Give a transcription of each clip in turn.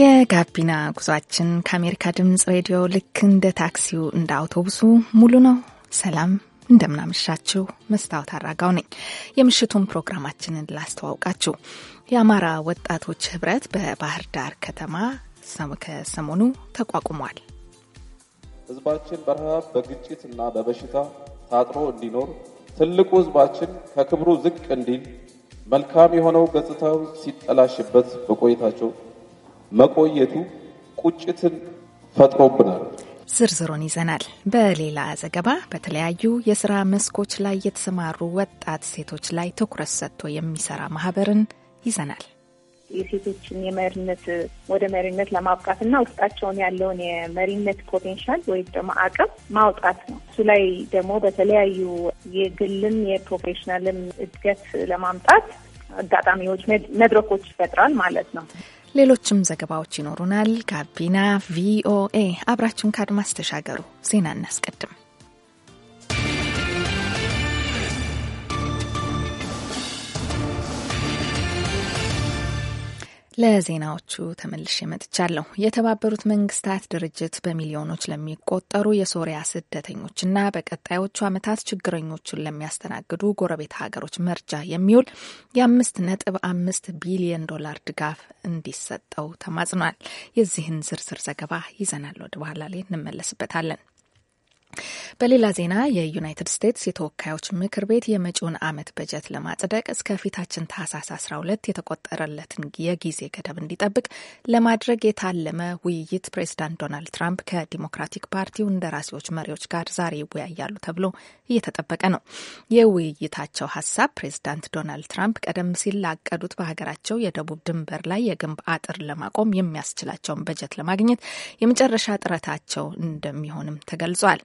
የጋቢና ጉዟችን ከአሜሪካ ድምጽ ሬዲዮ ልክ እንደ ታክሲው እንደ አውቶቡሱ ሙሉ ነው። ሰላም እንደምናመሻችሁ መስታወት አራጋው ነኝ። የምሽቱን ፕሮግራማችንን ላስተዋውቃችሁ። የአማራ ወጣቶች ህብረት በባህር ዳር ከተማ ከሰሞኑ ተቋቁሟል። ህዝባችን በረሃብ በግጭት እና በበሽታ ታጥሮ እንዲኖር ትልቁ ህዝባችን ከክብሩ ዝቅ እንዲል መልካም የሆነው ገጽታው ሲጠላሽበት በቆይታቸው መቆየቱ ቁጭትን ፈጥሮብናል። ዝርዝሩን ይዘናል። በሌላ ዘገባ በተለያዩ የስራ መስኮች ላይ የተሰማሩ ወጣት ሴቶች ላይ ትኩረት ሰጥቶ የሚሰራ ማህበርን ይዘናል። የሴቶችን የመሪነት ወደ መሪነት ለማብቃት እና ውስጣቸውን ያለውን የመሪነት ፖቴንሻል ወይም ደግሞ አቅም ማውጣት ነው። እሱ ላይ ደግሞ በተለያዩ የግልም የፕሮፌሽናልም እድገት ለማምጣት አጋጣሚዎች፣ መድረኮች ይፈጥራል ማለት ነው። ሌሎችም ዘገባዎች ይኖሩናል። ጋቢና ቪኦኤ አብራችሁን ከአድማስ ተሻገሩ። ዜና እናስቀድም። ለዜናዎቹ ተመልሼ መጥቻለሁ። የተባበሩት መንግስታት ድርጅት በሚሊዮኖች ለሚቆጠሩ የሶሪያ ስደተኞችና በቀጣዮቹ ዓመታት ችግረኞቹን ለሚያስተናግዱ ጎረቤት ሀገሮች መርጃ የሚውል የአምስት ነጥብ አምስት ቢሊዮን ዶላር ድጋፍ እንዲሰጠው ተማጽኗል። የዚህን ዝርዝር ዘገባ ይዘናል፣ ወደ በኋላ ላይ እንመለስበታለን። በሌላ ዜና የዩናይትድ ስቴትስ የተወካዮች ምክር ቤት የመጪውን ዓመት በጀት ለማጽደቅ እስከ ፊታችን ታህሳስ 12 የተቆጠረለትን የጊዜ ገደብ እንዲጠብቅ ለማድረግ የታለመ ውይይት ፕሬዚዳንት ዶናልድ ትራምፕ ከዲሞክራቲክ ፓርቲው እንደራሴዎች መሪዎች ጋር ዛሬ ይወያያሉ ተብሎ እየተጠበቀ ነው። የውይይታቸው ሀሳብ ፕሬዚዳንት ዶናልድ ትራምፕ ቀደም ሲል ላቀዱት በሀገራቸው የደቡብ ድንበር ላይ የግንብ አጥር ለማቆም የሚያስችላቸውን በጀት ለማግኘት የመጨረሻ ጥረታቸው እንደሚሆንም ተገልጿል።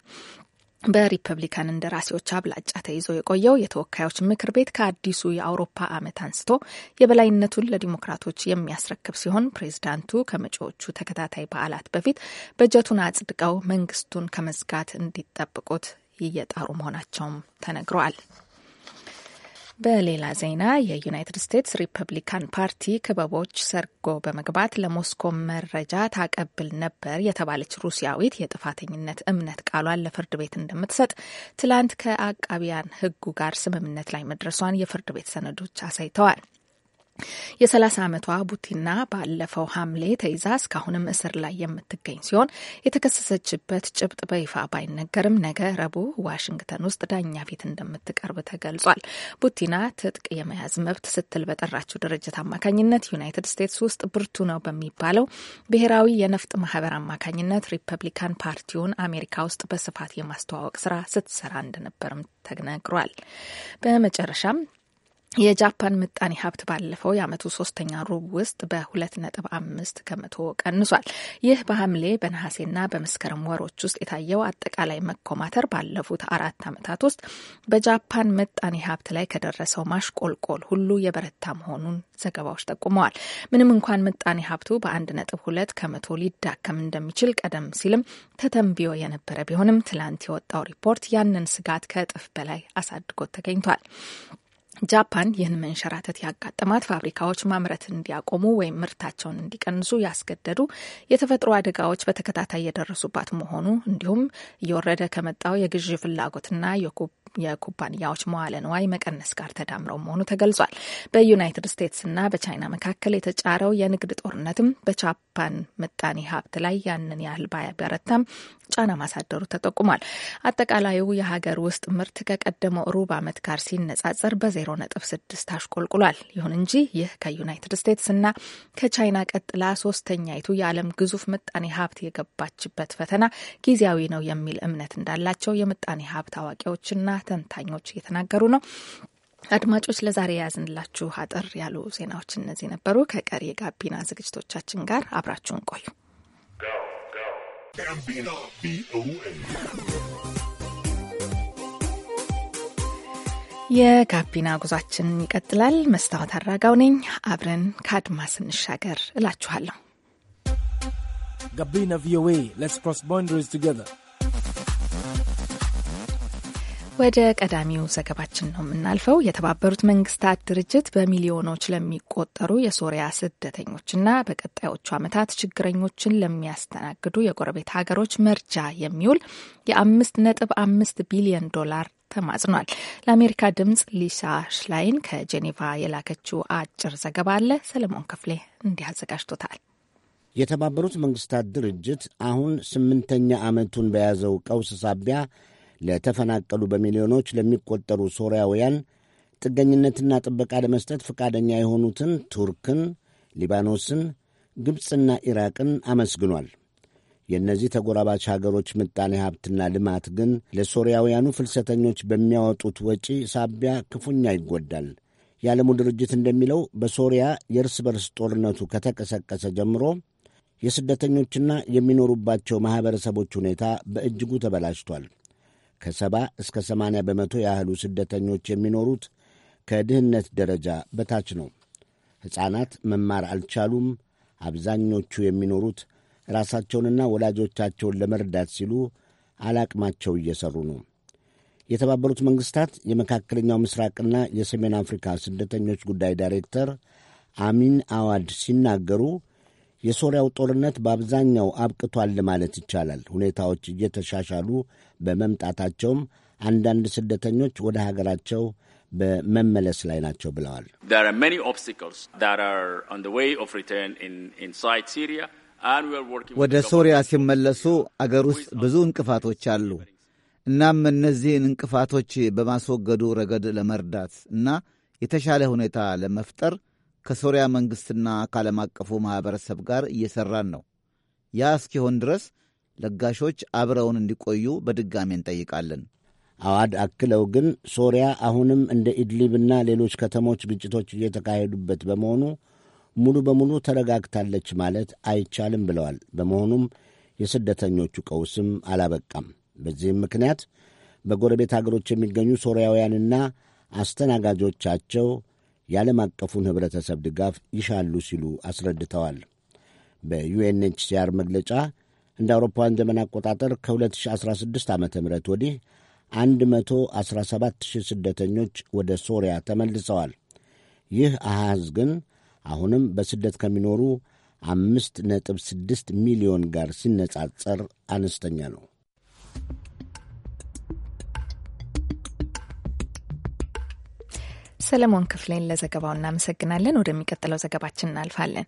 በሪፐብሊካን እንደራሴዎች አብላጫ ተይዞ የቆየው የተወካዮች ምክር ቤት ከአዲሱ የአውሮፓ ዓመት አንስቶ የበላይነቱን ለዲሞክራቶች የሚያስረክብ ሲሆን ፕሬዚዳንቱ ከመጪዎቹ ተከታታይ በዓላት በፊት በጀቱን አጽድቀው መንግስቱን ከመዝጋት እንዲጠብቁት እየጣሩ መሆናቸውም ተነግረዋል። በሌላ ዜና የዩናይትድ ስቴትስ ሪፐብሊካን ፓርቲ ክበቦች ሰርጎ በመግባት ለሞስኮ መረጃ ታቀብል ነበር የተባለች ሩሲያዊት የጥፋተኝነት እምነት ቃሏን ለፍርድ ቤት እንደምትሰጥ ትላንት ከአቃቢያን ሕጉ ጋር ስምምነት ላይ መድረሷን የፍርድ ቤት ሰነዶች አሳይተዋል። የ30 ዓመቷ ቡቲና ባለፈው ሐምሌ ተይዛ እስካሁንም እስር ላይ የምትገኝ ሲሆን የተከሰሰችበት ጭብጥ በይፋ ባይነገርም ነገ ረቡዕ ዋሽንግተን ውስጥ ዳኛ ፊት እንደምትቀርብ ተገልጿል። ቡቲና ትጥቅ የመያዝ መብት ስትል በጠራችው ድርጅት አማካኝነት ዩናይትድ ስቴትስ ውስጥ ብርቱ ነው በሚባለው ብሔራዊ የነፍጥ ማህበር አማካኝነት ሪፐብሊካን ፓርቲውን አሜሪካ ውስጥ በስፋት የማስተዋወቅ ስራ ስትሰራ እንደነበርም ተነግሯል። በመጨረሻም የጃፓን ምጣኔ ሀብት ባለፈው የአመቱ ሶስተኛ ሩብ ውስጥ በሁለት ነጥብ አምስት ከመቶ ቀንሷል። ይህ በሐምሌ በነሐሴና በመስከረም ወሮች ውስጥ የታየው አጠቃላይ መኮማተር ባለፉት አራት አመታት ውስጥ በጃፓን ምጣኔ ሀብት ላይ ከደረሰው ማሽቆልቆል ሁሉ የበረታ መሆኑን ዘገባዎች ጠቁመዋል። ምንም እንኳን ምጣኔ ሀብቱ በአንድ ነጥብ ሁለት ከመቶ ሊዳከም እንደሚችል ቀደም ሲልም ተተንብዮ የነበረ ቢሆንም ትላንት የወጣው ሪፖርት ያንን ስጋት ከእጥፍ በላይ አሳድጎት ተገኝቷል። ጃፓን ይህን መንሸራተት ያጋጠማት ፋብሪካዎች ማምረት እንዲያቆሙ ወይም ምርታቸውን እንዲቀንሱ ያስገደዱ የተፈጥሮ አደጋዎች በተከታታይ የደረሱባት መሆኑ እንዲሁም እየወረደ ከመጣው የግዢ ፍላጎትና የኩባንያዎች መዋለ ንዋይ መቀነስ ጋር ተዳምረው መሆኑ ተገልጿል። በዩናይትድ ስቴትስና በቻይና መካከል የተጫረው የንግድ ጦርነትም በጃፓን ምጣኔ ሀብት ላይ ያንን ያህል ባያበረታም ጫና ማሳደሩ ተጠቁሟል። አጠቃላዩ የሀገር ውስጥ ምርት ከቀደመው ሩብ ዓመት ጋር ሲነጻጸር በዜ ዜሮ ነጥብ ስድስት አሽቆልቁሏል። ይሁን እንጂ ይህ ከዩናይትድ ስቴትስ እና ከቻይና ቀጥላ ሶስተኛይቱ የዓለም ግዙፍ ምጣኔ ሀብት የገባችበት ፈተና ጊዜያዊ ነው የሚል እምነት እንዳላቸው የምጣኔ ሀብት አዋቂዎችና ተንታኞች እየተናገሩ ነው። አድማጮች ለዛሬ የያዝንላችሁ አጠር ያሉ ዜናዎች እነዚህ ነበሩ። ከቀሪ የጋቢና ዝግጅቶቻችን ጋር አብራችሁን ቆዩ። የጋቢና ጉዟችን ይቀጥላል። መስታወት አራጋው ነኝ። አብረን ከአድማስ እንሻገር እላችኋለሁ። ጋቢና ቪኦኤ ሌትስ ክሮስ ቦንደሪስ ቱጌዘር። ወደ ቀዳሚው ዘገባችን ነው የምናልፈው። የተባበሩት መንግስታት ድርጅት በሚሊዮኖች ለሚቆጠሩ የሶሪያ ስደተኞችና በቀጣዮቹ ዓመታት ችግረኞችን ለሚያስተናግዱ የጎረቤት ሀገሮች መርጃ የሚውል የአምስት ነጥብ አምስት ቢሊዮን ዶላር ተማጽኗል። ለአሜሪካ ድምጽ ሊሳ ሽላይን ከጄኔቫ የላከችው አጭር ዘገባ አለ። ሰለሞን ክፍሌ እንዲህ አዘጋጅቶታል። የተባበሩት መንግስታት ድርጅት አሁን ስምንተኛ ዓመቱን በያዘው ቀውስ ሳቢያ ለተፈናቀሉ በሚሊዮኖች ለሚቆጠሩ ሶርያውያን ጥገኝነትና ጥበቃ ለመስጠት ፈቃደኛ የሆኑትን ቱርክን፣ ሊባኖስን፣ ግብፅና ኢራቅን አመስግኗል። የእነዚህ ተጎራባች ሀገሮች ምጣኔ ሀብትና ልማት ግን ለሶርያውያኑ ፍልሰተኞች በሚያወጡት ወጪ ሳቢያ ክፉኛ ይጎዳል። የዓለሙ ድርጅት እንደሚለው በሶሪያ የእርስ በርስ ጦርነቱ ከተቀሰቀሰ ጀምሮ የስደተኞችና የሚኖሩባቸው ማኅበረሰቦች ሁኔታ በእጅጉ ተበላሽቷል። ከሰባ እስከ ሰማንያ በመቶ ያህሉ ስደተኞች የሚኖሩት ከድህነት ደረጃ በታች ነው። ሕፃናት መማር አልቻሉም። አብዛኞቹ የሚኖሩት ራሳቸውንና ወላጆቻቸውን ለመርዳት ሲሉ አላቅማቸው እየሠሩ ነው። የተባበሩት መንግሥታት የመካከለኛው ምስራቅና የሰሜን አፍሪካ ስደተኞች ጉዳይ ዳይሬክተር አሚን አዋድ ሲናገሩ የሶሪያው ጦርነት በአብዛኛው አብቅቷል ማለት ይቻላል። ሁኔታዎች እየተሻሻሉ በመምጣታቸውም አንዳንድ ስደተኞች ወደ ሀገራቸው በመመለስ ላይ ናቸው ብለዋል። ወደ ሶሪያ ሲመለሱ አገር ውስጥ ብዙ እንቅፋቶች አሉ። እናም እነዚህን እንቅፋቶች በማስወገዱ ረገድ ለመርዳት እና የተሻለ ሁኔታ ለመፍጠር ከሶሪያ መንግሥትና ከዓለም አቀፉ ማኅበረሰብ ጋር እየሠራን ነው። ያ እስኪሆን ድረስ ለጋሾች አብረውን እንዲቆዩ በድጋሚ እንጠይቃለን። አዋድ አክለው ግን ሶሪያ አሁንም እንደ ኢድሊብና ሌሎች ከተሞች ግጭቶች እየተካሄዱበት በመሆኑ ሙሉ በሙሉ ተረጋግታለች ማለት አይቻልም ብለዋል። በመሆኑም የስደተኞቹ ቀውስም አላበቃም። በዚህም ምክንያት በጎረቤት አገሮች የሚገኙ ሶርያውያንና አስተናጋጆቻቸው የዓለም አቀፉን ኅብረተሰብ ድጋፍ ይሻሉ ሲሉ አስረድተዋል። በዩኤንኤችሲአር መግለጫ እንደ አውሮፓውያን ዘመን አቆጣጠር ከ2016 ዓ ም ወዲህ 117,000 ስደተኞች ወደ ሶሪያ ተመልሰዋል። ይህ አሃዝ ግን አሁንም በስደት ከሚኖሩ አምስት ነጥብ ስድስት ሚሊዮን ጋር ሲነጻጸር አነስተኛ ነው። ሰለሞን ክፍሌን ለዘገባው እናመሰግናለን። ወደሚቀጥለው ዘገባችን እናልፋለን።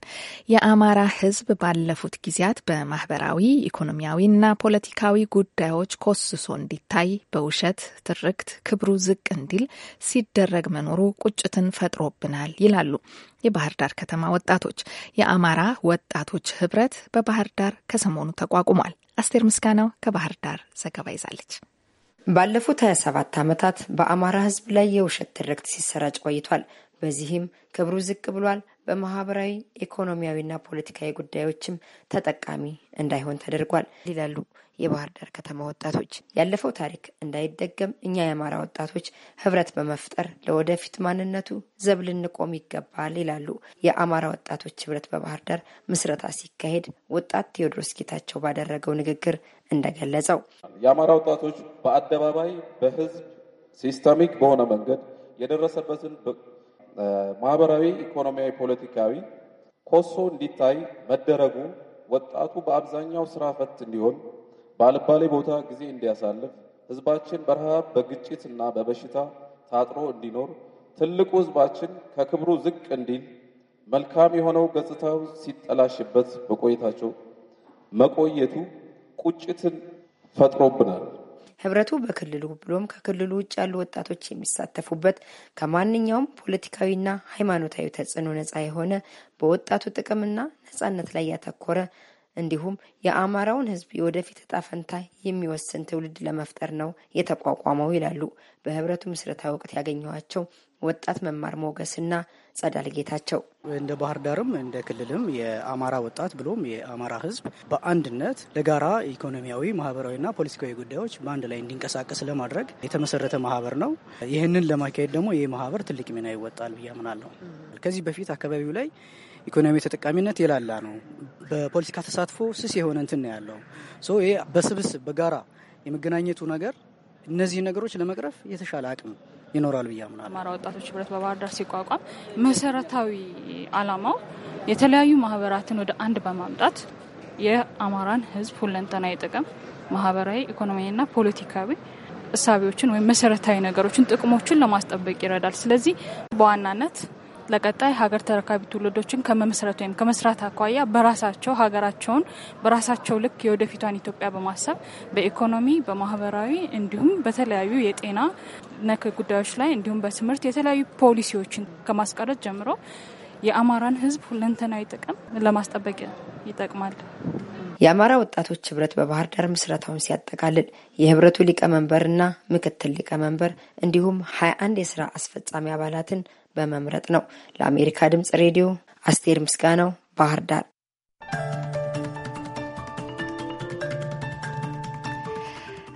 የአማራ ሕዝብ ባለፉት ጊዜያት በማህበራዊ ኢኮኖሚያዊና ፖለቲካዊ ጉዳዮች ኮስሶ እንዲታይ በውሸት ትርክት ክብሩ ዝቅ እንዲል ሲደረግ መኖሩ ቁጭትን ፈጥሮብናል ይላሉ የባህር ዳር ከተማ ወጣቶች። የአማራ ወጣቶች ህብረት በባህር ዳር ከሰሞኑ ተቋቁሟል። አስቴር ምስጋናው ከባህር ዳር ዘገባ ይዛለች። ባለፉት 27 ዓመታት በአማራ ህዝብ ላይ የውሸት ትርክት ሲሰራጭ ቆይቷል። በዚህም ክብሩ ዝቅ ብሏል። በማህበራዊ ኢኮኖሚያዊና ፖለቲካዊ ጉዳዮችም ተጠቃሚ እንዳይሆን ተደርጓል ይላሉ የባህር ዳር ከተማ ወጣቶች። ያለፈው ታሪክ እንዳይደገም እኛ የአማራ ወጣቶች ህብረት በመፍጠር ለወደፊት ማንነቱ ዘብ ልንቆም ይገባል ይላሉ። የአማራ ወጣቶች ህብረት በባህር ዳር ምስረታ ሲካሄድ ወጣት ቴዎድሮስ ጌታቸው ባደረገው ንግግር እንደገለጸው የአማራ ወጣቶች በአደባባይ በህዝብ ሲስተሚክ በሆነ መንገድ የደረሰበትን ማህበራዊ፣ ኢኮኖሚያዊ፣ ፖለቲካዊ ኮሶ እንዲታይ መደረጉ ወጣቱ በአብዛኛው ስራ ፈት እንዲሆን ባልባሌ ቦታ ጊዜ እንዲያሳልፍ ህዝባችን በረሃብ በግጭት እና በበሽታ ታጥሮ እንዲኖር ትልቁ ህዝባችን ከክብሩ ዝቅ እንዲል መልካም የሆነው ገጽታው ሲጠላሽበት መቆየታቸው መቆየቱ ቁጭትን ፈጥሮብናል። ህብረቱ በክልሉ ብሎም ከክልሉ ውጭ ያሉ ወጣቶች የሚሳተፉበት ከማንኛውም ፖለቲካዊና ሃይማኖታዊ ተጽዕኖ ነጻ የሆነ በወጣቱ ጥቅምና ነጻነት ላይ ያተኮረ እንዲሁም የአማራውን ህዝብ የወደፊት እጣ ፈንታ የሚወስን ትውልድ ለመፍጠር ነው የተቋቋመው ይላሉ በህብረቱ ምስረታ ወቅት ያገኘኋቸው ወጣት መማር ሞገስና ጸዳል ጌታቸው። እንደ ባህር ዳርም እንደ ክልልም የአማራ ወጣት ብሎም የአማራ ህዝብ በአንድነት ለጋራ ኢኮኖሚያዊ፣ ማህበራዊና ፖለቲካዊ ጉዳዮች በአንድ ላይ እንዲንቀሳቀስ ለማድረግ የተመሰረተ ማህበር ነው። ይህንን ለማካሄድ ደግሞ ይህ ማህበር ትልቅ ሚና ይወጣል ብዬ አምናለሁ። ከዚህ በፊት አካባቢው ላይ ኢኮኖሚ ተጠቃሚነት የላላ ነው። በፖለቲካ ተሳትፎ ስስ የሆነ እንትን ነው ያለው። ይሄ በስብስብ በጋራ የመገናኘቱ ነገር እነዚህ ነገሮች ለመቅረፍ የተሻለ አቅም ይኖራል ብዬ አምናለሁ። አማራ ወጣቶች ህብረት በባህር ዳር ሲቋቋም መሰረታዊ አላማው የተለያዩ ማህበራትን ወደ አንድ በማምጣት የአማራን ህዝብ ሁለንተናዊ ጥቅም፣ ማህበራዊ፣ ኢኮኖሚያዊና ፖለቲካዊ እሳቢዎችን ወይም መሰረታዊ ነገሮችን ጥቅሞችን ለማስጠበቅ ይረዳል። ስለዚህ በዋናነት ለቀጣይ ሀገር ተረካቢ ትውልዶችን ከመመስረት ወይም ከመስራት አኳያ በራሳቸው ሀገራቸውን በራሳቸው ልክ የወደፊቷን ኢትዮጵያ በማሰብ በኢኮኖሚ፣ በማህበራዊ እንዲሁም በተለያዩ የጤና ነክ ጉዳዮች ላይ እንዲሁም በትምህርት የተለያዩ ፖሊሲዎችን ከማስቀረት ጀምሮ የአማራን ህዝብ ሁለንተናዊ ጥቅም ለማስጠበቅ ይጠቅማል። የአማራ ወጣቶች ህብረት በባህር ዳር ምስረታውን ሲያጠቃልል የህብረቱ ሊቀመንበርና ምክትል ሊቀመንበር እንዲሁም ሀያ አንድ የስራ አስፈጻሚ አባላትን በመምረጥ ነው። ለአሜሪካ ድምጽ ሬዲዮ አስቴር ምስጋናው ባህር ዳር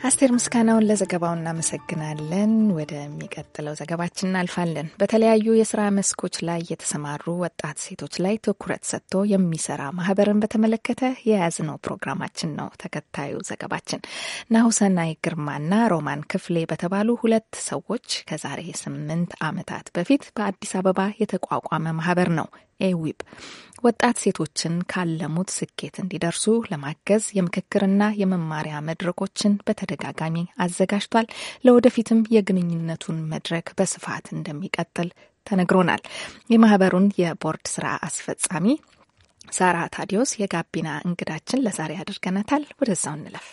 አስቴር ምስጋናውን ለዘገባው እናመሰግናለን። ወደሚቀጥለው ዘገባችን እናልፋለን። በተለያዩ የስራ መስኮች ላይ የተሰማሩ ወጣት ሴቶች ላይ ትኩረት ሰጥቶ የሚሰራ ማህበርን በተመለከተ የያዝነው ፕሮግራማችን ነው። ተከታዩ ዘገባችን ናሁሰናይ ግርማና ሮማን ክፍሌ በተባሉ ሁለት ሰዎች ከዛሬ ስምንት ዓመታት በፊት በአዲስ አበባ የተቋቋመ ማህበር ነው ኤዊብ ወጣት ሴቶችን ካለሙት ስኬት እንዲደርሱ ለማገዝ የምክክርና የመማሪያ መድረኮችን በተደጋጋሚ አዘጋጅቷል። ለወደፊትም የግንኙነቱን መድረክ በስፋት እንደሚቀጥል ተነግሮናል። የማህበሩን የቦርድ ስራ አስፈጻሚ ሳራ ታዲዮስ የጋቢና እንግዳችን ለዛሬ አድርገናታል። ወደዛው እንለፍ።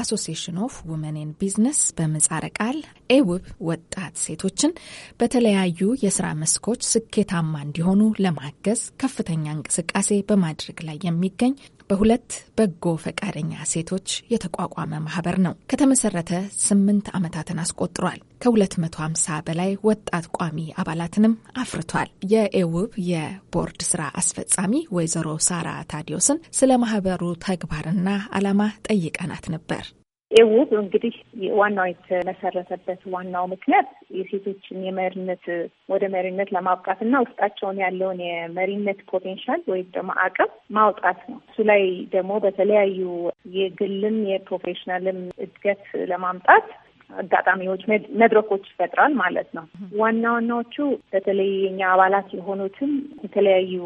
አሶሲሽን ኦፍ ውመን ኢን ቢዝነስ በምህጻረ ቃል ኤውብ ወጣት ሴቶችን በተለያዩ የስራ መስኮች ስኬታማ እንዲሆኑ ለማገዝ ከፍተኛ እንቅስቃሴ በማድረግ ላይ የሚገኝ በሁለት በጎ ፈቃደኛ ሴቶች የተቋቋመ ማህበር ነው። ከተመሰረተ ስምንት ዓመታትን አስቆጥሯል። ከ250 በላይ ወጣት ቋሚ አባላትንም አፍርቷል። የኤውብ የቦርድ ስራ አስፈጻሚ ወይዘሮ ሳራ ታዲዮስን ስለ ማህበሩ ተግባርና ዓላማ ጠይቀናት ነበር። ኤውብ እንግዲህ ዋናው የተመሰረተበት ዋናው ምክንያት የሴቶችን የመሪነት ወደ መሪነት ለማብቃትና ውስጣቸውን ያለውን የመሪነት ፖቴንሻል ወይም ደግሞ አቅም ማውጣት ነው። እሱ ላይ ደግሞ በተለያዩ የግልም የፕሮፌሽናልም እድገት ለማምጣት አጋጣሚዎች፣ መድረኮች ይፈጥራል ማለት ነው። ዋና ዋናዎቹ በተለይ የኛ አባላት የሆኑትም የተለያዩ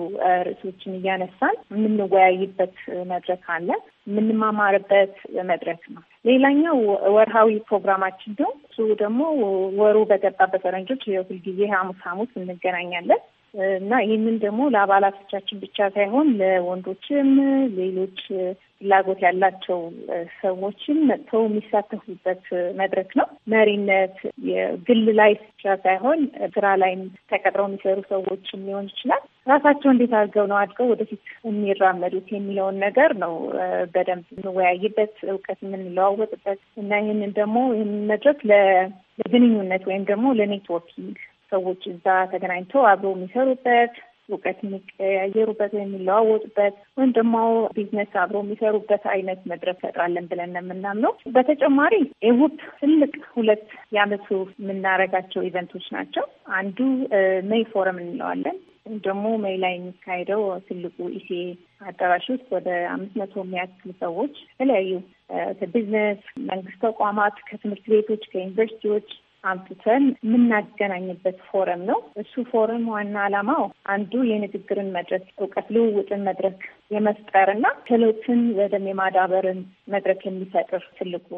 ርዕሶችን እያነሳን የምንወያይበት መድረክ አለ። የምንማማርበት መድረክ ነው። ሌላኛው ወርሃዊ ፕሮግራማችን ነው። እሱ ደግሞ ወሩ በገባ በፈረንጆች የሁልጊዜ ሐሙስ ሐሙስ እንገናኛለን። እና ይህንን ደግሞ ለአባላቶቻችን ብቻ ሳይሆን ለወንዶችም ሌሎች ፍላጎት ያላቸው ሰዎችም መጥተው የሚሳተፉበት መድረክ ነው። መሪነት የግል ላይ ብቻ ሳይሆን ስራ ላይም ተቀጥረው የሚሰሩ ሰዎችም ሊሆን ይችላል። ራሳቸው እንዴት አድርገው ነው አድገው ወደፊት የሚራመዱት የሚለውን ነገር ነው በደንብ የምንወያይበት፣ እውቀት የምንለዋወጥበት እና ይህንን ደግሞ ይህንን መድረክ ለግንኙነት ወይም ደግሞ ለኔትወርኪንግ ሰዎች እዛ ተገናኝተው አብረው የሚሰሩበት እውቀት የሚቀያየሩበት ወይም የሚለዋወጡበት ወይም ደግሞ ቢዝነስ አብሮ የሚሰሩበት አይነት መድረክ ፈጥራለን ብለን የምናምነው። በተጨማሪ ኢሁፕ ትልቅ ሁለት የአመቱ የምናረጋቸው ኢቨንቶች ናቸው። አንዱ ሜይ ፎረም እንለዋለን ወይም ደግሞ ሜይ ላይ የሚካሄደው ትልቁ ኢሴ አዳራሽ ውስጥ ወደ አምስት መቶ የሚያክሉ ሰዎች የተለያዩ ከቢዝነስ መንግስት ተቋማት፣ ከትምህርት ቤቶች፣ ከዩኒቨርሲቲዎች አምጥተን የምናገናኝበት ፎረም ነው። እሱ ፎረም ዋና ዓላማው አንዱ የንግግርን መድረክ እውቀት ልውውጥን መድረክ የመፍጠርና ክህሎትን በደም የማዳበርን መድረክ የሚፈጥር ትልቁ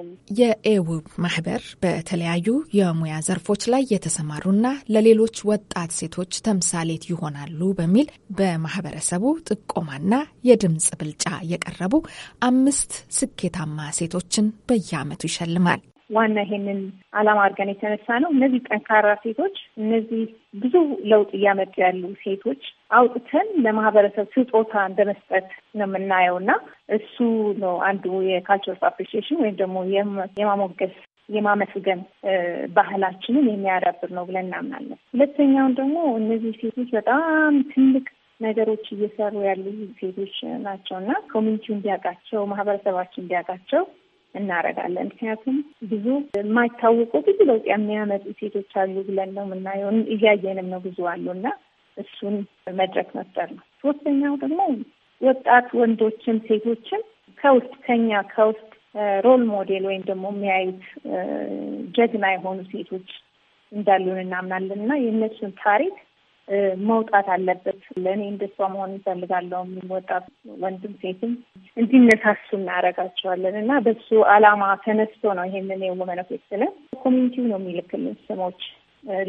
የኤውብ ማህበር በተለያዩ የሙያ ዘርፎች ላይ የተሰማሩና ለሌሎች ወጣት ሴቶች ተምሳሌት ይሆናሉ በሚል በማህበረሰቡ ጥቆማና የድምፅ ብልጫ የቀረቡ አምስት ስኬታማ ሴቶችን በየዓመቱ ይሸልማል። ዋና ይሄንን አላማ አድርገን የተነሳ ነው። እነዚህ ጠንካራ ሴቶች፣ እነዚህ ብዙ ለውጥ እያመጡ ያሉ ሴቶች አውጥተን ለማህበረሰብ ስጦታ እንደመስጠት ነው የምናየው እና እሱ ነው አንዱ የካልቸር አፕሪሺዬሽን ወይም ደግሞ የማሞገስ የማመስገን ባህላችንን የሚያዳብር ነው ብለን እናምናለን። ሁለተኛውን ደግሞ እነዚህ ሴቶች በጣም ትልቅ ነገሮች እየሰሩ ያሉ ሴቶች ናቸው እና ኮሚኒቲው እንዲያውቃቸው ማህበረሰባችን እንዲያውቃቸው እናረጋለን። ምክንያቱም ብዙ የማይታወቁ ብዙ ለውጥ የሚያመጡ ሴቶች አሉ ብለን ነው የምናየው። እያየንም ነው ብዙ አሉ እና እሱን መድረክ መፍጠር ነው። ሶስተኛው ደግሞ ወጣት ወንዶችም ሴቶችም ከውስጥ ከኛ ከውስጥ ሮል ሞዴል ወይም ደግሞ የሚያዩት ጀግና የሆኑ ሴቶች እንዳሉን እናምናለን እና የእነሱን ታሪክ መውጣት አለበት። ለእኔ እንደሷ መሆን ይፈልጋለሁ ወጣት ወንድም ሴትም እንዲነሳሱ እናደርጋቸዋለን እና በሱ አላማ ተነስቶ ነው ይሄንን የውመን ኦፍ ኤክሰለንስ ኮሚኒቲው ነው የሚልክልን ስሞች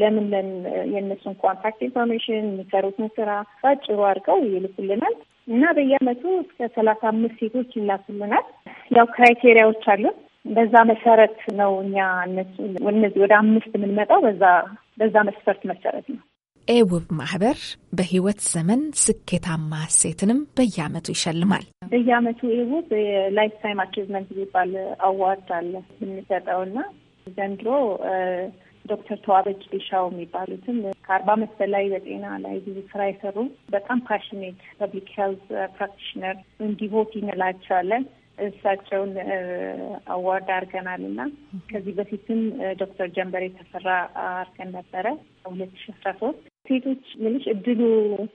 ለምን ለምን የእነሱን ኮንታክት ኢንፎርሜሽን የሚሰሩትን ስራ ባጭሩ አድርገው ይልኩልናል እና በየአመቱ እስከ ሰላሳ አምስት ሴቶች ይላኩልናል። ያው ክራይቴሪያዎች አሉ በዛ መሰረት ነው እኛ እነሱ ወደ አምስት የምንመጣው በዛ በዛ መስፈርት መሰረት ነው። ኤውብ ማህበር በህይወት ዘመን ስኬታማ ሴትንም በየአመቱ ይሸልማል። በየአመቱ ኤውብ የላይፍ ታይም አቺቭመንት የሚባል አዋርድ አለ የምንሰጠው ዘንድሮ ዶክተር ተዋበች ቢሻው የሚባሉትም ከአርባ አመት በላይ በጤና ላይ ብዙ ስራ የሰሩ በጣም ፓሽኔት ፐብሊክ ሄልት ፕራክቲሽነር እንዲቮት እንላቸዋለን እሳቸውን አዋርድ አድርገናል እና ከዚህ በፊትም ዶክተር ጀንበሬ ተፈራ አድርገን ነበረ ሁለት ሺ አስራ ሶስት ሴቶች ምንሽ እድሉ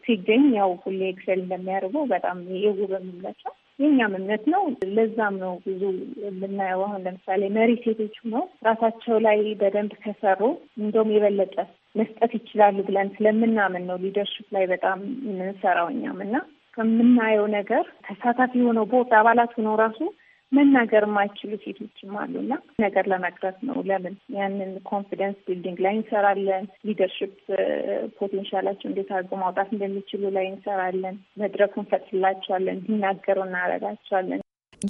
ሲገኝ ያው ሁሌ ኤክሰል እንደሚያደርገው በጣም የውብ እምነት የእኛም እምነት ነው። ለዛም ነው ብዙ የምናየው። አሁን ለምሳሌ መሪ ሴቶች ነው ራሳቸው ላይ በደንብ ከሰሩ እንደውም የበለጠ መስጠት ይችላሉ ብለን ስለምናምን ነው ሊደርሽፕ ላይ በጣም የምንሰራው እኛም እና ከምናየው ነገር ተሳታፊ የሆነው ቦርድ አባላት ሆነው ራሱ መናገር የማይችሉ ሴቶችም እና ነገር ለመቅረት ነው። ለምን ያንን ኮንፊደንስ ቢልዲንግ ላይ እንሰራለን። ሊደርሽፕ ፖቴንሻላቸው uh, እንዴት አድርጎ ማውጣት እንደሚችሉ ላይ እንሰራለን። መድረኩን ፈጥላቸዋለን፣ እንዲናገሩ እናረጋቸዋለን።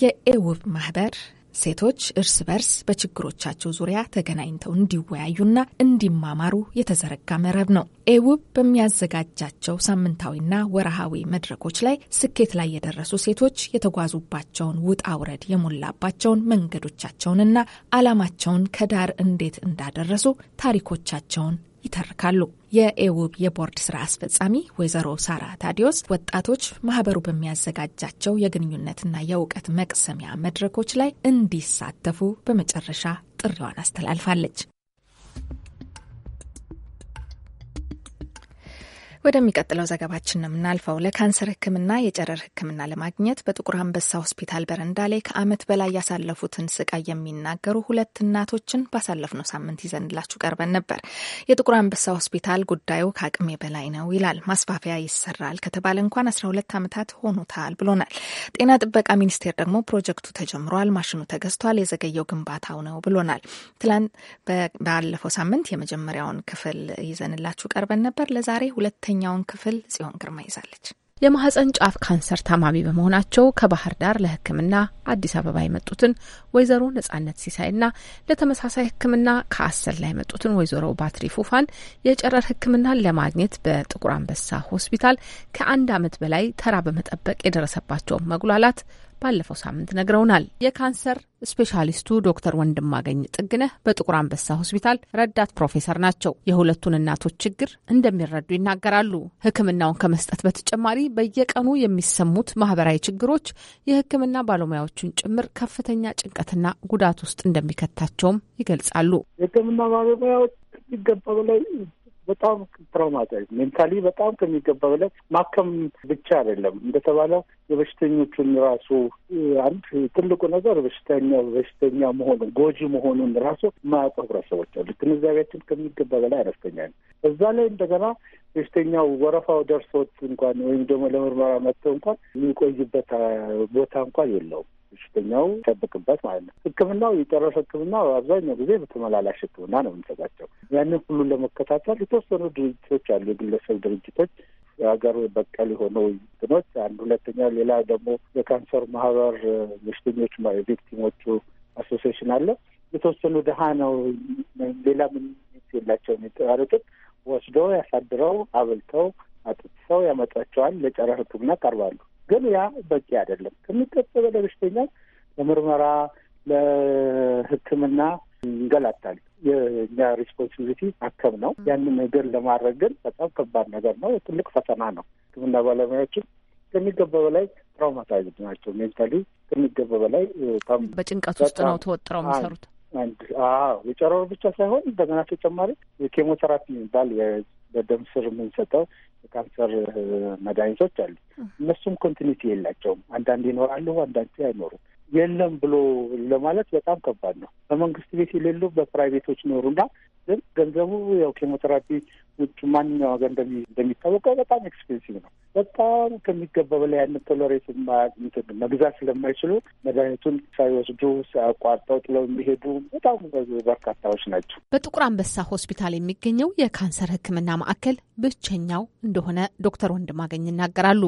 የኤውብ ማህበር ሴቶች እርስ በርስ በችግሮቻቸው ዙሪያ ተገናኝተው እንዲወያዩና እንዲማማሩ የተዘረጋ መረብ ነው። ኤውብ በሚያዘጋጃቸው ሳምንታዊና ወረሃዊ መድረኮች ላይ ስኬት ላይ የደረሱ ሴቶች የተጓዙባቸውን ውጣ ውረድ የሞላባቸውን መንገዶቻቸውንና ዓላማቸውን ከዳር እንዴት እንዳደረሱ ታሪኮቻቸውን ይተርካሉ። የኤውብ የቦርድ ስራ አስፈጻሚ ወይዘሮ ሳራ ታዲዮስ ወጣቶች ማህበሩ በሚያዘጋጃቸው የግንኙነትና የእውቀት መቅሰሚያ መድረኮች ላይ እንዲሳተፉ በመጨረሻ ጥሪዋን አስተላልፋለች። ወደሚቀጥለው ዘገባችን ነው የምናልፈው። ለካንሰር ሕክምና የጨረር ሕክምና ለማግኘት በጥቁር አንበሳ ሆስፒታል በረንዳ ላይ ከዓመት በላይ ያሳለፉትን ስቃይ የሚናገሩ ሁለት እናቶችን ባሳለፍነው ሳምንት ይዘንላችሁ ቀርበን ነበር። የጥቁር አንበሳ ሆስፒታል ጉዳዩ ከአቅሜ በላይ ነው ይላል። ማስፋፊያ ይሰራል ከተባለ እንኳን አስራ ሁለት ዓመታት ሆኖታል ብሎናል። ጤና ጥበቃ ሚኒስቴር ደግሞ ፕሮጀክቱ ተጀምሯል፣ ማሽኑ ተገዝቷል፣ የዘገየው ግንባታው ነው ብሎናል። ትላንት ባለፈው ሳምንት የመጀመሪያውን ክፍል ይዘንላችሁ ቀርበን ነበር። ለዛሬ ሁለት ሁለተኛውን ክፍል ጽዮን ግርማ ይዛለች። የማህፀን ጫፍ ካንሰር ታማሚ በመሆናቸው ከባህር ዳር ለሕክምና አዲስ አበባ የመጡትን ወይዘሮ ነጻነት ሲሳይና ለተመሳሳይ ሕክምና ከአሰላ የመጡትን ወይዘሮ ባትሪ ፉፋን የጨረር ሕክምናን ለማግኘት በጥቁር አንበሳ ሆስፒታል ከአንድ ዓመት በላይ ተራ በመጠበቅ የደረሰባቸውን መጉላላት ባለፈው ሳምንት ነግረውናል። የካንሰር ስፔሻሊስቱ ዶክተር ወንድማገኝ ጥግነህ በጥቁር አንበሳ ሆስፒታል ረዳት ፕሮፌሰር ናቸው። የሁለቱን እናቶች ችግር እንደሚረዱ ይናገራሉ። ሕክምናውን ከመስጠት በተጨማሪ በየቀኑ የሚሰሙት ማህበራዊ ችግሮች የሕክምና ባለሙያዎቹን ጭምር ከፍተኛ ጭንቀትና ጉዳት ውስጥ እንደሚከታቸውም ይገልጻሉ። የሕክምና ባለሙያዎች ይገባ በላይ በጣም ትራውማታይዝ ሜንታሊ በጣም ከሚገባ በላይ ማከም ብቻ አይደለም እንደተባለው የበሽተኞቹን ራሱ አንድ ትልቁ ነገር በሽተኛ በሽተኛ መሆኑ ጎጂ መሆኑን ራሱ ማያውቁ ህብረተሰቦች አሉ። ግንዛቤያችን ከሚገባ በላይ አነስተኛ ነው። እዛ ላይ እንደገና በሽተኛው ወረፋው ደርሶት እንኳን ወይም ደግሞ ለምርመራ መጥቶ እንኳን የሚቆይበት ቦታ እንኳን የለውም። በሽተኛው ይጠብቅበት ማለት ነው። ህክምናው የጨረሰ ህክምና አብዛኛው ጊዜ በተመላላሽ ህክምና ነው የምንሰጣቸው። ያንን ሁሉን ለመከታተል የተወሰኑ ድርጅቶች አሉ፣ የግለሰብ ድርጅቶች የሀገር በቀል የሆኑ ውይይትኖች አንድ ሁለተኛ፣ ሌላ ደግሞ የካንሰር ማህበር በሽተኞች ቪክቲሞቹ አሶሲዬሽን አለ። የተወሰኑ ድሀ ነው፣ ሌላ ምን የላቸውም የተባሉትን ወስዶ ያሳድረው አብልተው አጥጥሰው ያመጣቸዋል። ለጨረር ህክምና ቀርባሉ። ግን ያ በቂ አይደለም። ከሚቀጥለው በላይ በሽተኛ ለምርመራ ለሕክምና እንገላታል። የእኛ ሪስፖንሲቢሊቲ ማከም ነው። ያንን ነገር ለማድረግ ግን በጣም ከባድ ነገር ነው። ትልቅ ፈተና ነው። ሕክምና ባለሙያዎችም ከሚገባ በላይ ትራውማታይዝድ ናቸው። ሜንታሊ ከሚገባ በላይ በጭንቀት ውስጥ ነው ተወጥረው የሚሰሩት። የጨረሩ ብቻ ሳይሆን እንደገና ተጨማሪ የኬሞቴራፒ የሚባል በደም ስር የምንሰጠው የካንሰር መድኃኒቶች አሉ። እነሱም ኮንቲኒቲ የላቸውም። አንዳንድ ይኖራሉ፣ አንዳንድ አይኖሩም። የለም ብሎ ለማለት በጣም ከባድ ነው። በመንግስት ቤት የሌሉ በፕራይቬቶች ኖሩና ግን ገንዘቡ ያው ኬሞቴራፒ ውጭ ማንኛው ወገን እንደሚታወቀው በጣም ኤክስፔንሲቭ ነው። በጣም ከሚገባ በላይ ያንን ቶሎሬት መግዛት ስለማይችሉ መድኃኒቱን ሳይወስዱ ሳያቋርጠው ጥለው የሚሄዱ በጣም በርካታዎች ናቸው። በጥቁር አንበሳ ሆስፒታል የሚገኘው የካንሰር ሕክምና ማዕከል ብቸኛው እንደሆነ ዶክተር ወንድማገኝ ይናገራሉ።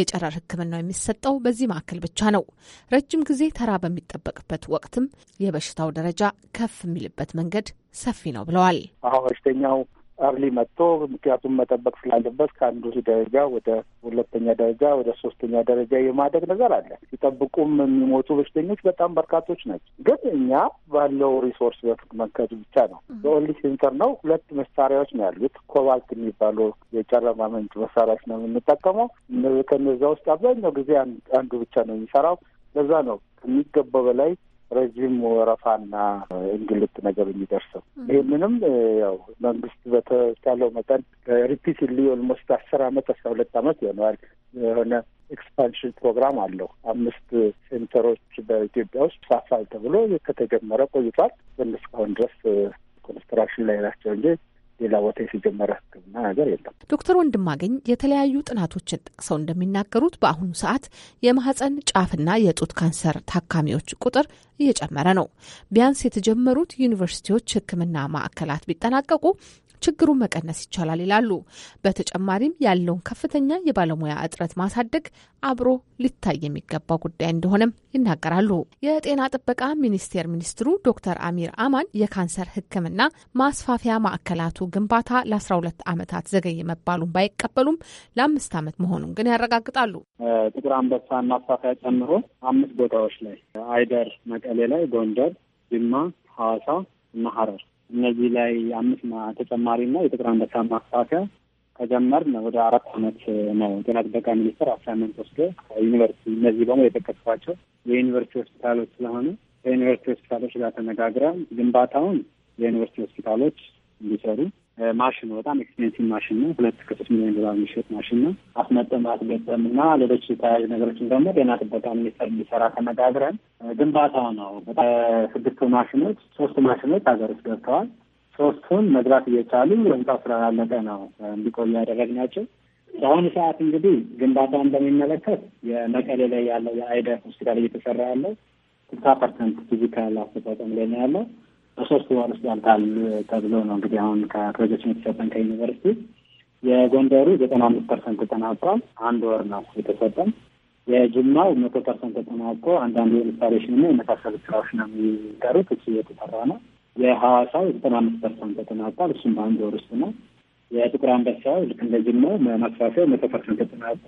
የጨረር ሕክምናው የሚሰጠው በዚህ ማዕከል ብቻ ነው። ረጅም ጊዜ ተራ በሚጠበቅበት ወቅትም የበሽታው ደረጃ ከፍ የሚልበት መንገድ ሰፊ ነው ብለዋል። አሁን በሽተኛው አርሊ መጥቶ ምክንያቱም መጠበቅ ስላለበት ከአንዱ ደረጃ ወደ ሁለተኛ ደረጃ ወደ ሶስተኛ ደረጃ የማደግ ነገር አለ። ሲጠብቁም የሚሞቱ በሽተኞች በጣም በርካቶች ናቸው። ግን እኛ ባለው ሪሶርስ በመንከቱ ብቻ ነው። በኦንሊ ሴንተር ነው ሁለት መሳሪያዎች ነው ያሉት። ኮባልት የሚባሉ የጨረማ ምንጭ መሳሪያዎች ነው የምንጠቀመው። ከነዛ ውስጥ አብዛኛው ጊዜ አንዱ ብቻ ነው የሚሰራው። ለዛ ነው ከሚገባው በላይ ረዥም ወረፋና እንግልት ነገር የሚደርሰው። ይህንንም ያው መንግስት በተቻለው መጠን ሪፒትሊ ኦልሞስት አስር አመት አስራ ሁለት አመት ይሆነዋል የሆነ ኤክስፓንሽን ፕሮግራም አለው። አምስት ሴንተሮች በኢትዮጵያ ውስጥ ሳፋል ተብሎ ከተጀመረ ቆይቷል። እስካሁን ድረስ ኮንስትራክሽን ላይ ናቸው እንጂ ሌላ ቦታ የተጀመረ ሕክምና ነገር የለም። ዶክተር ወንድማገኝ የተለያዩ ጥናቶችን ጠቅሰው እንደሚናገሩት በአሁኑ ሰዓት የማህፀን ጫፍና የጡት ካንሰር ታካሚዎች ቁጥር እየጨመረ ነው። ቢያንስ የተጀመሩት ዩኒቨርሲቲዎች ሕክምና ማዕከላት ቢጠናቀቁ ችግሩን መቀነስ ይቻላል ይላሉ። በተጨማሪም ያለውን ከፍተኛ የባለሙያ እጥረት ማሳደግ አብሮ ሊታይ የሚገባ ጉዳይ እንደሆነም ይናገራሉ። የጤና ጥበቃ ሚኒስቴር ሚኒስትሩ ዶክተር አሚር አማን የካንሰር ሕክምና ማስፋፊያ ማዕከላቱ ግንባታ ለ12 ዓመታት ዘገየ መባሉን ባይቀበሉም ለአምስት ዓመት መሆኑን ግን ያረጋግጣሉ። ጥቁር አንበሳን ማስፋፊያ ጨምሮ አምስት ቦታዎች ላይ አይደር መቀሌ ላይ፣ ጎንደር፣ ጅማ፣ ሐዋሳ እና ሐረር እነዚህ ላይ አምስት ተጨማሪና የጥቁር አንበሳ ማስፋፊያ ከጀመርን ወደ አራት አመት ነው። ጤና ጥበቃ ሚኒስቴር አሳይመንት ወስዶ ዩኒቨርሲቲ እነዚህ ደግሞ የጠቀስኳቸው የዩኒቨርሲቲ ሆስፒታሎች ስለሆነ ከዩኒቨርሲቲ ሆስፒታሎች ጋር ተነጋግረን ግንባታውን የዩኒቨርሲቲ ሆስፒታሎች እንዲሰሩ ማሽን በጣም ኤክስፔንሲቭ ማሽን ነው። ሁለት ከሶስት ሚሊዮን ዶላር የሚሸጥ ማሽን ነው። አስመጠን ማስገጠም እና ሌሎች የተያያዥ ነገሮችን ደግሞ ጤና ጥበቃ ሚኒስቴር እንዲሰራ ተነጋግረን ግንባታው ነው። ስድስቱ ማሽኖች ሶስቱ ማሽኖች ሀገር ውስጥ ገብተዋል። ሶስቱን መግባት እየቻሉ ህንጻው ስላላለቀ ነው እንዲቆዩ ያደረግናቸው። በአሁኑ ሰዓት እንግዲህ ግንባታ እንደሚመለከት የመቀሌ ላይ ያለው የአይደር ሆስፒታል እየተሰራ ያለው ስልሳ ፐርሰንት ፊዚካል አስተጣጠም ላይ ነው ያለው በሶስት ወር ውስጥ ያልቃል ተብሎ ነው እንግዲህ አሁን ከፕሮጀክት የተሰጠን ከዩኒቨርሲቲ የጎንደሩ ዘጠና አምስት ፐርሰንት ተጠናቋል። አንድ ወር ነው የተሰጠን። የጅማው መቶ ፐርሰንት ተጠናቆ አንዳንድ የኢንስታሌሽን እና የመሳሰሉት ስራዎች ነው የሚቀሩት። እሱ እየተሰራ ነው። የሐዋሳው ዘጠና አምስት ፐርሰንት ተጠናቋል። እሱም በአንድ ወር ውስጥ ነው። የጥቁር አንበሳው ልክ እንደ ጅማው ማስፋፊያው መቶ ፐርሰንት ተጠናቆ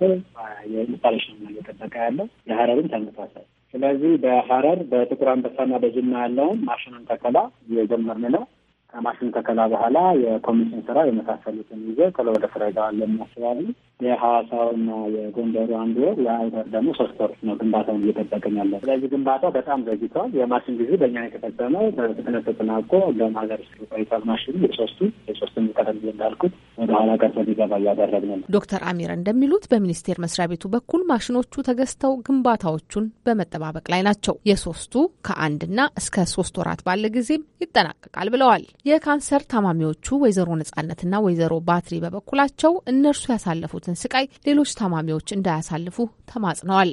የኢንስታሌሽን ነው እየጠበቀ ያለው። የሀረርም ተመሳሳይ ስለዚህ በሀረር በጥቁር አንበሳና በጅማ ያለውን ማሽኑን ተከላ እየጀመርን ነው። ከማሽን ተከላ በኋላ የኮሚሽን ስራ የመሳሰሉትን ይዘ ቶሎ ወደ ስራ ሄደዋል ለሚያስባሉ የሐዋሳው እና የጎንደሩ አንድ ወር የአይተር ደግሞ ሶስት ወር ነው ግንባታውን እየጠበቅን ያለ። ስለዚህ ግንባታው በጣም ዘግይቷል። የማሽን ጊዜ በእኛ የተፈጸመው በፍጥነት ተጠናቆ ለሀገር ስ ቆይቷል። ማሽኑ የሶስቱ የሶስቱም ቀደም እንዳልኩት ወደኋላ ቀርቶ ሊገባ እያደረግን ነው። ዶክተር አሚር እንደሚሉት በሚኒስቴር መስሪያ ቤቱ በኩል ማሽኖቹ ተገዝተው ግንባታዎቹን በመጠባበቅ ላይ ናቸው። የሶስቱ ከአንድና እስከ ሶስት ወራት ባለ ጊዜም ይጠናቀቃል ብለዋል። የካንሰር ታማሚዎቹ ወይዘሮ ነጻነትና ወይዘሮ ባትሪ በበኩላቸው እነርሱ ያሳለፉትን ስቃይ ሌሎች ታማሚዎች እንዳያሳልፉ ተማጽነዋል።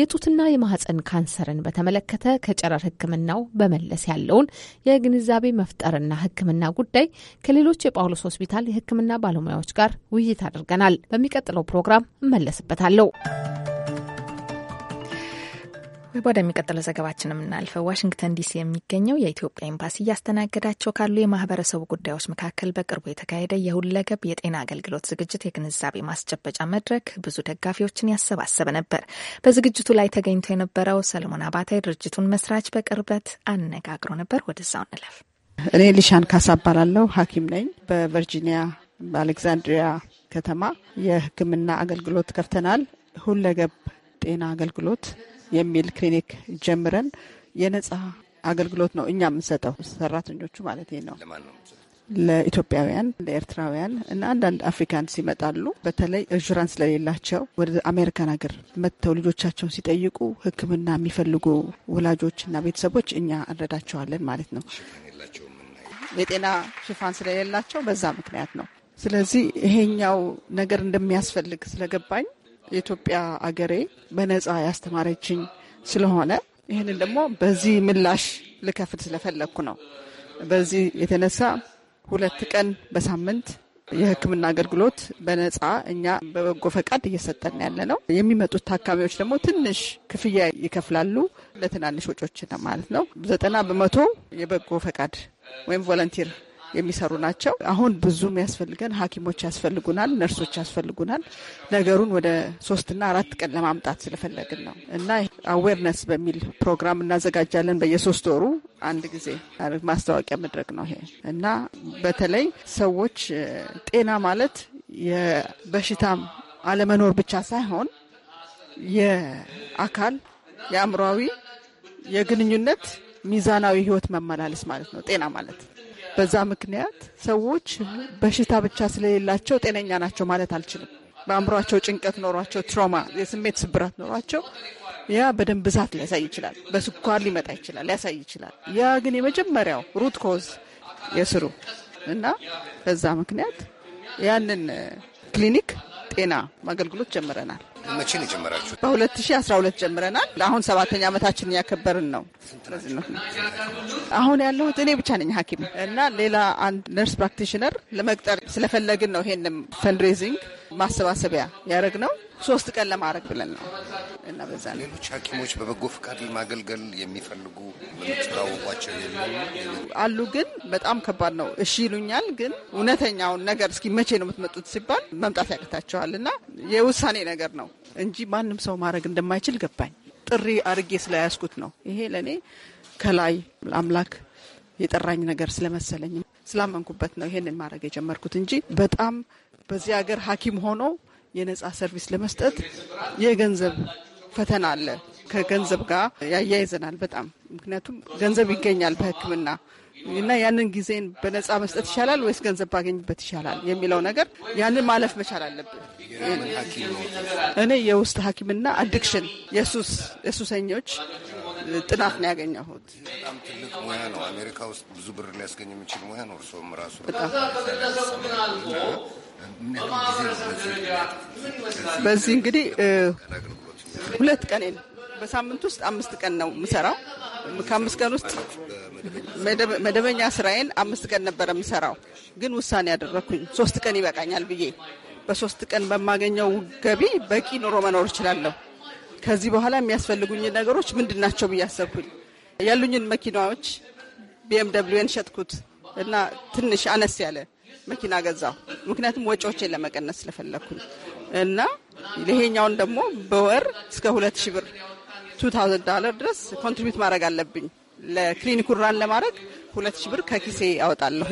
የጡትና የማህፀን ካንሰርን በተመለከተ ከጨረር ሕክምናው በመለስ ያለውን የግንዛቤ መፍጠርና ሕክምና ጉዳይ ከሌሎች የጳውሎስ ሆስፒታል የሕክምና ባለሙያዎች ጋር ውይይት አድርገናል። በሚቀጥለው ፕሮግራም እመለስበታለሁ። ወደሚቀጥለው ዘገባችን የምናልፈው ዋሽንግተን ዲሲ የሚገኘው የኢትዮጵያ ኤምባሲ እያስተናገዳቸው ካሉ የማህበረሰቡ ጉዳዮች መካከል በቅርቡ የተካሄደ የሁለገብ የጤና አገልግሎት ዝግጅት የግንዛቤ ማስጨበጫ መድረክ ብዙ ደጋፊዎችን ያሰባሰበ ነበር። በዝግጅቱ ላይ ተገኝቶ የነበረው ሰለሞን አባታ የድርጅቱን መስራች በቅርበት አነጋግሮ ነበር። ወደዛው እንለፍ። እኔ ሊሻን ካሳ እባላለሁ። ሐኪም ነኝ። በቨርጂኒያ በአሌክዛንድሪያ ከተማ የህክምና አገልግሎት ከፍተናል። ሁለገብ ጤና አገልግሎት የሚል ክሊኒክ ጀምረን የነጻ አገልግሎት ነው እኛ የምንሰጠው ሰራተኞቹ ማለት ነው። ለኢትዮጵያውያን፣ ለኤርትራውያን እና አንዳንድ አፍሪካንስ ይመጣሉ። በተለይ ኢንሹራንስ ስለሌላቸው ወደ አሜሪካን ሀገር መጥተው ልጆቻቸውን ሲጠይቁ ህክምና የሚፈልጉ እና ቤተሰቦች እኛ እንረዳቸዋለን ማለት ነው። የጤና ሽፋን ስለሌላቸው በዛ ምክንያት ነው። ስለዚህ ይሄኛው ነገር እንደሚያስፈልግ ስለገባኝ የኢትዮጵያ አገሬ በነጻ ያስተማረችኝ ስለሆነ ይህንን ደግሞ በዚህ ምላሽ ልከፍል ስለፈለግኩ ነው። በዚህ የተነሳ ሁለት ቀን በሳምንት የሕክምና አገልግሎት በነጻ እኛ በበጎ ፈቃድ እየሰጠን ያለ ነው። የሚመጡት ታካሚዎች ደግሞ ትንሽ ክፍያ ይከፍላሉ፣ ለትናንሽ ወጪዎች ማለት ነው። ዘጠና በመቶ የበጎ ፈቃድ ወይም ቮለንቲር የሚሰሩ ናቸው። አሁን ብዙም ያስፈልገን ሐኪሞች ያስፈልጉናል፣ ነርሶች ያስፈልጉናል። ነገሩን ወደ ሶስትና አራት ቀን ለማምጣት ስለፈለግን ነው እና አዌርነስ በሚል ፕሮግራም እናዘጋጃለን በየሶስት ወሩ አንድ ጊዜ ማስታወቂያ መድረክ ነው ይሄ እና በተለይ ሰዎች ጤና ማለት የበሽታም አለመኖር ብቻ ሳይሆን የአካል የአእምሯዊ፣ የግንኙነት ሚዛናዊ ህይወት መመላለስ ማለት ነው ጤና ማለት በዛ ምክንያት ሰዎች በሽታ ብቻ ስለሌላቸው ጤነኛ ናቸው ማለት አልችልም። በአእምሯቸው ጭንቀት ኖሯቸው፣ ትሮማ፣ የስሜት ስብራት ኖሯቸው ያ በደም ብዛት ሊያሳይ ይችላል። በስኳር ሊመጣ ይችላል፣ ሊያሳይ ይችላል። ያ ግን የመጀመሪያው ሩት ኮዝ የስሩ እና በዛ ምክንያት ያንን ክሊኒክ ጤና አገልግሎት ጀምረናል። መቼ ነው የጀመራችሁ? በ2012 ጀምረናል። አሁን ሰባተኛ ዓመታችንን እያከበርን ነው። አሁን ያለሁት እኔ ብቻ ነኝ ሐኪም እና ሌላ አንድ ነርስ ፕራክቲሽነር ለመቅጠር ስለፈለግን ነው ይሄንም ፈንድሬዚንግ ማሰባሰቢያ ያደረግ ነው ሶስት ቀን ለማድረግ ብለን ነው እና ነው። ሌሎች ሐኪሞች በበጎ ፍቃድ ማገልገል የሚፈልጉ በምትታወቋቸው አሉ። ግን በጣም ከባድ ነው። እሺ ይሉኛል፣ ግን እውነተኛውን ነገር እስኪ መቼ ነው የምትመጡት ሲባል መምጣት ያቅታቸዋል። እና የውሳኔ ነገር ነው እንጂ ማንም ሰው ማድረግ እንደማይችል ገባኝ። ጥሪ አርጌ ስለያዝኩት ነው። ይሄ ለእኔ ከላይ አምላክ የጠራኝ ነገር ስለመሰለኝ ስላመንኩበት ነው ይሄንን ማድረግ የጀመርኩት እንጂ በጣም በዚህ ሀገር ሐኪም ሆኖ የነጻ ሰርቪስ ለመስጠት የገንዘብ ፈተና አለ። ከገንዘብ ጋር ያያይዘናል በጣም ምክንያቱም ገንዘብ ይገኛል በሕክምና እና ያንን ጊዜን በነጻ መስጠት ይሻላል ወይስ ገንዘብ ባገኝበት ይሻላል የሚለው ነገር ያንን ማለፍ መቻል አለብን። እኔ የውስጥ ሐኪምና አዲክሽን የሱስ የሱሰኞች ጥናት ነው ያገኘሁት። በጣም ትልቅ ሙያ ነው። አሜሪካ ውስጥ ብዙ ብር ሊያስገኝ የሚችል ሙያ ነው። እርስዎም ራሱ በዚህ እንግዲህ ሁለት ቀን በሳምንት ውስጥ አምስት ቀን ነው የምሰራው። ከአምስት ቀን ውስጥ መደበኛ ስራዬን አምስት ቀን ነበረ የምሰራው፣ ግን ውሳኔ ያደረግኩኝ ሶስት ቀን ይበቃኛል ብዬ በሶስት ቀን በማገኘው ገቢ በቂ ኑሮ መኖር እችላለሁ። ከዚህ በኋላ የሚያስፈልጉኝ ነገሮች ምንድን ናቸው ብዬ አሰብኩኝ። ያሉኝን መኪናዎች ቢኤምደብሊውን ሸጥኩት እና ትንሽ አነስ ያለ መኪና ገዛው። ምክንያቱም ወጪዎቼን ለመቀነስ ስለፈለግኩኝ እና ይሄኛውን ደግሞ በወር እስከ ሁለት ሺ ብር ቱ ታውዘንድ ዳለር ድረስ ኮንትሪቢዩት ማድረግ አለብኝ ለክሊኒኩ ራን ለማድረግ ሁለት ሺ ብር ከኪሴ አወጣለሁ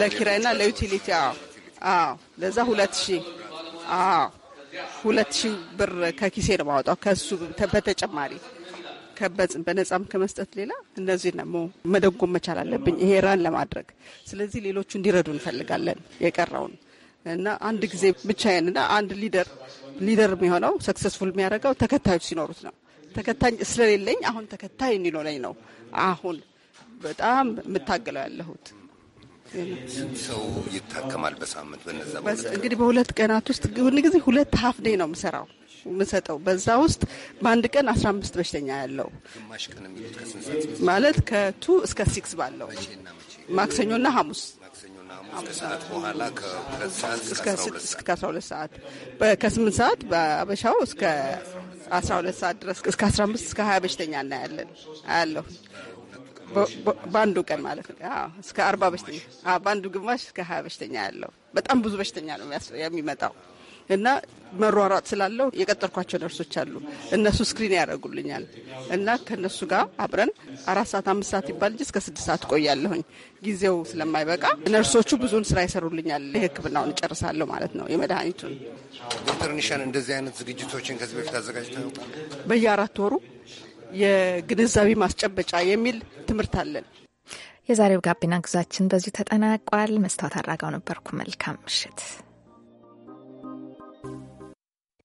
ለኪራይና ለዩቲሊቲ። ለዛ ሁለት ሺ ሁለት ሺ ብር ከኪሴ ነው ማወጣው። ከሱ በተጨማሪ በነጻም ከመስጠት ሌላ እነዚህ ደግሞ መደጎም መቻል አለብኝ ይሄ ራን ለማድረግ ስለዚህ ሌሎቹ እንዲረዱ እንፈልጋለን የቀረውን እና አንድ ጊዜ ብቻዬን እና አንድ ሊደር ሊደር የሚሆነው ሰክሰስፉል የሚያደርገው ተከታዮች ሲኖሩት ነው። ተከታይ ስለሌለኝ አሁን ተከታይ እንዲኖረኝ ነው አሁን በጣም የምታገለው ያለሁት። ሰው ይታከማል በሳምንት? በነዛ እንግዲህ በሁለት ቀናት ውስጥ ሁል ጊዜ ሁለት ሀፍ ዴይ ነው የምሰራው የምሰጠው በዛ ውስጥ በአንድ ቀን አስራ አምስት በሽተኛ ያለው ማለት ከቱ እስከ ሲክስ ባለው ማክሰኞና ሐሙስ በኋላ እስከ 12 ሰዓት ከ8 ሰዓት በአበሻው እስከ 12 ሰዓት ድረስ እስከ 15 እስከ 20 በሽተኛ እናያለን አያለሁ። በአንዱ ቀን ማለት ነው። እስከ 40 በሽተኛ በአንዱ ግማሽ እስከ 20 በሽተኛ ያለው በጣም ብዙ በሽተኛ ነው የሚመጣው። እና መሯሯጥ ስላለው የቀጠርኳቸው ነርሶች አሉ። እነሱ ስክሪን ያደርጉልኛል እና ከነሱ ጋር አብረን አራት ሰዓት አምስት ሰዓት ይባል እንጂ እስከ ስድስት ሰዓት ቆያለሁኝ። ጊዜው ስለማይበቃ ነርሶቹ ብዙውን ስራ ይሰሩልኛል። የሕክምናውን እጨርሳለሁ ማለት ነው የመድኃኒቱን። ዶክተር ኒሻን እንደዚህ አይነት ዝግጅቶችን ከዚህ በፊት አዘጋጅተ በየአራት ወሩ የግንዛቤ ማስጨበጫ የሚል ትምህርት አለን። የዛሬው ጋቢና ጉዟችን በዚሁ ተጠናቋል። መስታወት አድራጋው ነበርኩ። መልካም ምሽት።